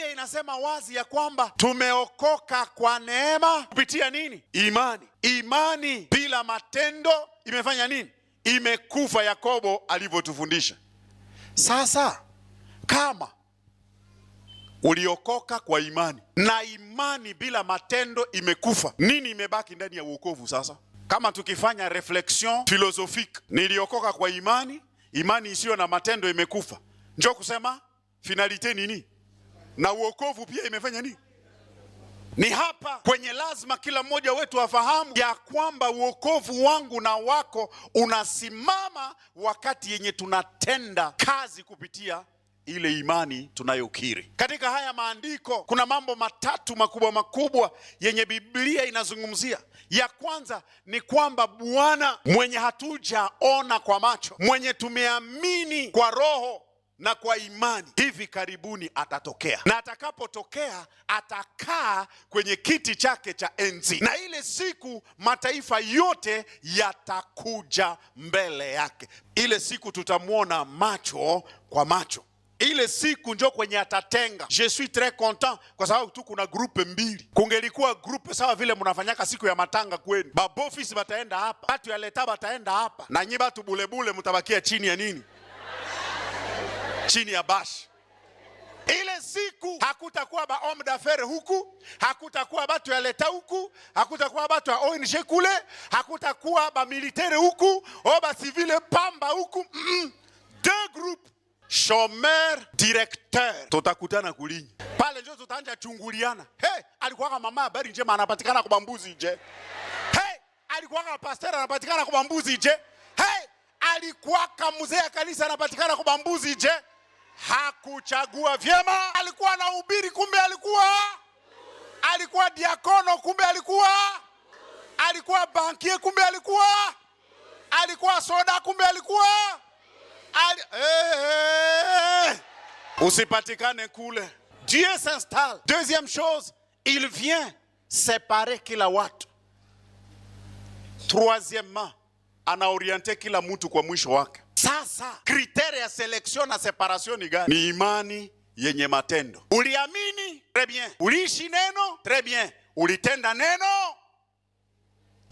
Biblia inasema wazi ya kwamba tumeokoka kwa neema kupitia nini? Imani. Imani bila matendo imefanya nini? Imekufa, Yakobo alivyotufundisha. Sasa kama uliokoka kwa imani na imani bila matendo imekufa, nini imebaki ndani ya uokovu? Sasa kama tukifanya reflection philosophique, niliokoka kwa imani, imani isiyo na matendo imekufa, njo kusema finalite nini? na uokovu pia imefanya nini? Ni hapa kwenye lazima kila mmoja wetu afahamu ya kwamba uokovu wangu na wako unasimama wakati yenye tunatenda kazi kupitia ile imani tunayokiri. Katika haya maandiko kuna mambo matatu makubwa makubwa yenye Biblia inazungumzia. Ya kwanza ni kwamba Bwana mwenye hatujaona kwa macho, mwenye tumeamini kwa roho na kwa imani hivi karibuni atatokea, na atakapotokea atakaa kwenye kiti chake cha enzi, na ile siku mataifa yote yatakuja mbele yake. Ile siku tutamwona macho kwa macho, ile siku njo kwenye atatenga. Je suis tres content kwa sababu tu kuna grupe mbili. Kungelikuwa grupe sawa vile mnafanyaka siku ya matanga kwenu, babofisi bataenda hapa, batu ya leta bataenda hapa, na nyi batu bulebule mtabakia chini ya nini? chini ya bash. Ile siku hakutakuwa ba homme d'affaires huku, hakutakuwa batu ya leta huku, hakutakuwa batu ya ONG kule, hakutakuwa ba militaire huku o ba civile pamba huku mm -mm. Deux groupes chômeur directeur tutakutana kulinyi pale, njo tutaanja chunguliana. Hey, kama mama habari njema anapatikana kwa mbuzi je? Hey, kama pastor anapatikana kwa mbuzi je? Hey, kama mzee ya kanisa anapatikana kwa mbuzi je? hakuchagua vyema. Alikuwa anahubiri, kumbe alikuwa alikuwa diakono, kumbe alikuwa alikuwa bankie, kumbe alikuwa alikuwa soda, kumbe alikuwa Al... hey, eh! hey. Usipatikane kule. Dieu s'installe. Deuxième chose, il vient séparer kila watu. Troisièmement, anaoriente kila mtu kwa mwisho wake. Sasa kriteria ya selection na separation ni gani? Ni imani yenye matendo. Uliamini? Très bien. Uliishi neno? Très bien. Ulitenda neno?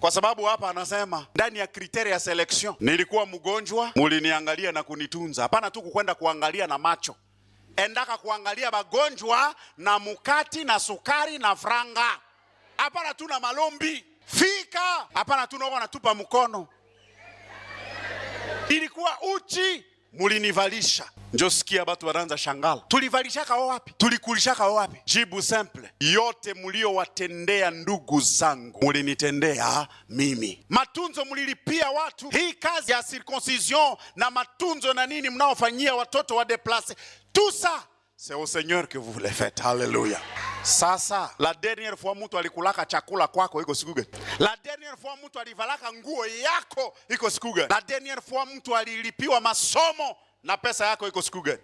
Kwa sababu hapa anasema ndani ya kriteria ya selection, nilikuwa mgonjwa, muliniangalia na kunitunza. Hapana tu kukwenda kuangalia na macho, endaka kuangalia magonjwa na mukati na sukari na franga. Hapana tu na malombi, fika. Hapana tu naona natupa mkono ilikuwa uchi mulinivalisha njo sikia batu bananza shangala, tulivalishaka kawa wapi? Tulikulishaka wapi? Jibu simple, yote muliowatendea ndugu zangu mulinitendea mimi. Matunzo mulilipia watu, hii kazi ya circoncision na matunzo na nini mnaofanyia watoto wa deplace tusa, c'est au Seigneur que vous Haleluya. Sasa la dernière fois mtu alikulaka chakula kwako iko gani? La dernière fois mtu alivalaka nguo yako iko gani? La dernière fois mtu alilipiwa masomo na pesa yako iko siku gani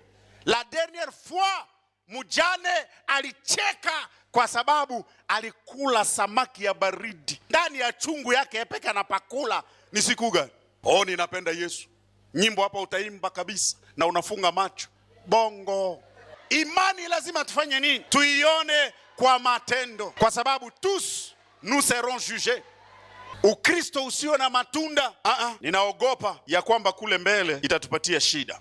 La dernière fois mjane alicheka kwa sababu alikula samaki ya baridi ndani ya chungu yake na anapakula ni siku gani? Oh, ninapenda Yesu. Nyimbo hapa utaimba kabisa na unafunga macho bongo Imani lazima tufanye nini? Tuione kwa matendo, kwa sababu tous nous serons jugés. Ukristo usio na matunda, uh -uh. ninaogopa ya kwamba kule mbele itatupatia shida.